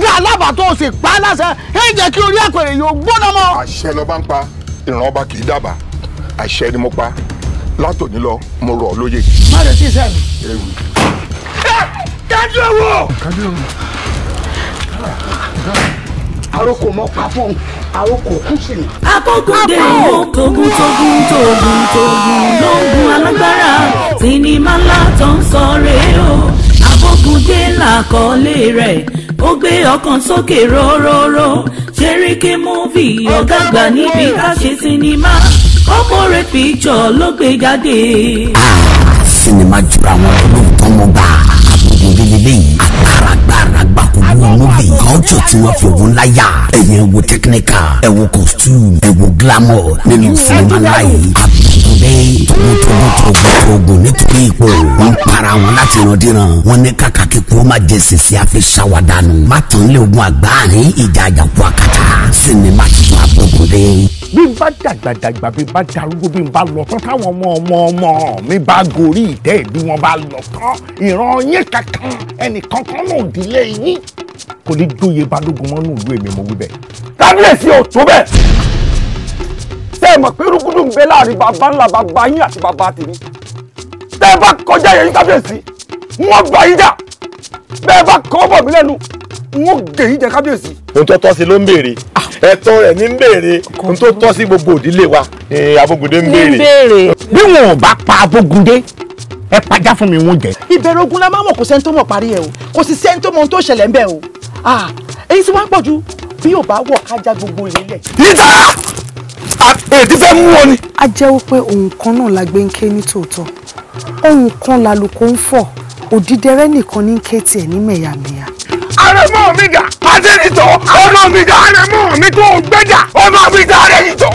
dá alábà tó o pa á láṣẹ ẹ jẹ́ kí orí àpèrè yóò gbóná mọ́. àṣẹ ló bá ń pa ìran ọba kì ni mo pa látòní lọ mo rọ̀ ọ́ lóye. má lè tí ì ewu. kájú ewu. kájú ewu. pa fún un àròkò kù ni. akókòdé ìlú tógun tógun tógun tógun ló ń gun alágbára sinimá ńlá tó ń sọ rèé o abókùndé làkọlé rẹ̀ ó gbé ọkàn sókè róróró Ṣẹ̀ríkí múvì ọ̀gá àgbà níbi ká ṣe sinimá corporate picture ló gbé jáde. sinimá jura wọn lóòótọ́ mo bá àbùkù líle yìí àgbàràgbàrà gbàkúrú múvì kọ́ńtò tí wọ́n fi òun láyà ẹ̀yẹ wo technical ẹ̀ wo costume ẹ̀ wo glamour nínú sinimá láyé àbùkù bẹ́ẹ̀ tóbótóbótóbótóbó nítorí ipò wọn para wọn láti ìrandíran wọn ní kàkà kíkúrú má jẹ sèse àfi ṣàwádànù má tàn lé ogun àgbáàrin ìjà àjàkú àkàtà sinimá tuntun àbọ̀bọ̀dé. bí n bá dàgbàdàgbà bí n bá darúgbó bí n bá lọ tán táwọn ọmọ ọmọ ọmọ mi bá gorí ìtẹ́ bí wọ́n bá lọ tán ìran yín kankan ẹnì kankan náà òdìlé yín kò ní jóye balógun mọ́nú ìlú èmi mo wí bẹ́ẹ̀ kábíyèsí ò tó bẹ́ẹ̀ ṣé ẹ mọ̀ pé rúgúdù ń bẹ láàrin bàbá ńlá bàbá yín àti bàbá tèmi kọjá yẹn yín kábíyèsí wọ́n gbà yín jà bẹ́ẹ̀ bá kọ́ bọ̀ mí lẹ́nu wọ́n gè yín jẹ kábíyèsí. ohun tó tọ́ sí ló ń béèrè ah. ẹ̀tọ́ rẹ̀ ní ń béèrè ohun tó tọ́ sí gbogbo òdílé wa abógundé ń béèrè. bí wọn ò bá pa abógundé ẹ pàjá fún mi wọn jẹ. ìbẹ̀rẹ̀ ogun la máa mọ̀ kó sẹ́ńtọ́ mọ̀ parí ẹ̀ o kò sì sẹ́ńtọ́ mọ̀ ohun tó ṣẹlẹ̀ ń bẹ̀ o ah, èyí sì wá ń pọ̀ ju bí yóò bá wọ̀ kájà gbogbo ìlélẹ̀. ìtara èdè fẹ́ mú wọn ni. a jẹ́wọ́ pé ohun kan náà la gbé ń ké ní tòótọ́ ohun kan làlùkò ń fọ̀ òdìdẹrẹ́ nìkan ní kéétì ẹ̀ ní mẹ̀yàmẹ̀yà. àrẹ̀mọ mi dà àdéhìtọ̀ ọmọ mi dà àrẹ̀mọ mi tó gbẹ́jà ọmọ mi dà àdéhìtọ̀.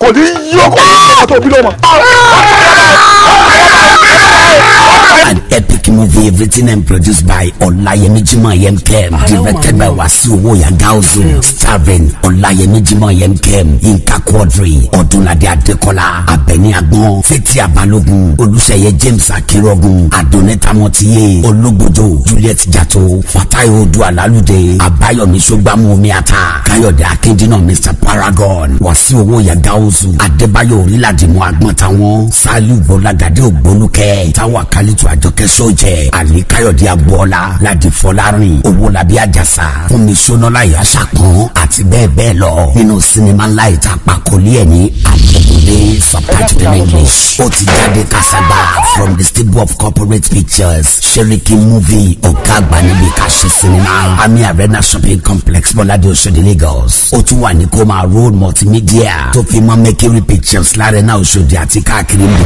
kò ní yí ọkọ yìí tó bí lọ́mọ. Everything written and produced by Olayemi Jimoh Yemkem. Directed by Wasiu Oyagalzu. Starring Olayemi Jimoh Yemkem. Yinka Quadri. Odunlade Adekola. Abeni Agbon. Feti Abalogun. Olúṣeyẹ James Akérògun. Adone Motiye, Olúgbòdo. Juliet Jato. Fatai Odualalude. Abayomi Sogbamu Omiata. Kayode Akindina Mr. Paragon. Wasiu Oyagalzu. Adebayo Oriladimu Agbon Tawon. Saliu Bọ́ládadé Ògbólúkẹ́. Táwa Kálítù Àjọkẹ́ Sójẹ́ ali káyọ̀dé agboola ladi fọlárin owólabí àjàsà fúnmi sọnọlá ìyáṣà kan àti bẹ́ẹ̀ bẹ́ẹ̀ lọ nínú sinimá ńlá ìtàpá kọ́lé ẹ̀ ní àjẹkùnlé sọpájọ in English. Otijade Kasaba from the stable of corporate pictures. Sheriki movie Okagba níbi Kashi cinema. Ami Arena shopping complex Bọ́ládé Oṣodi Lagos. Ó tún wà Koma road multimedia. Tofima fi pictures l'Arena Oṣodi àti káàkiri ní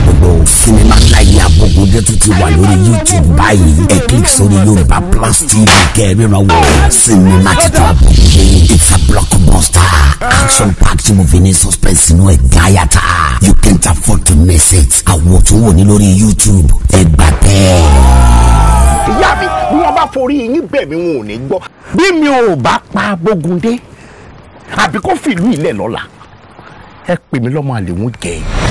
Cinema Sinimá ńlá yìí Abogunde tún ti wà lórí YouTube báyìí. Ẹ click sórí Yorùbá Plus TV kẹ́rìnrán wò. Sinimá titun Abogunde. It's a blockbuster. Action packed movie ní suspense inú ẹ̀ gáyàtà. You can't afford for the message àwọ̀ tó wò ní lórí YouTube ẹ gbà bẹ́ẹ̀. ìyá mi bí wọ́n bá forí yín bẹ̀ mí wọn ò ní gbọ́ bí mi ò bá pa Bógúndé àbí kó fìlú ilẹ̀ lọ́la ẹ pè mí lọ́mọ àlè ń jẹ́ ẹ.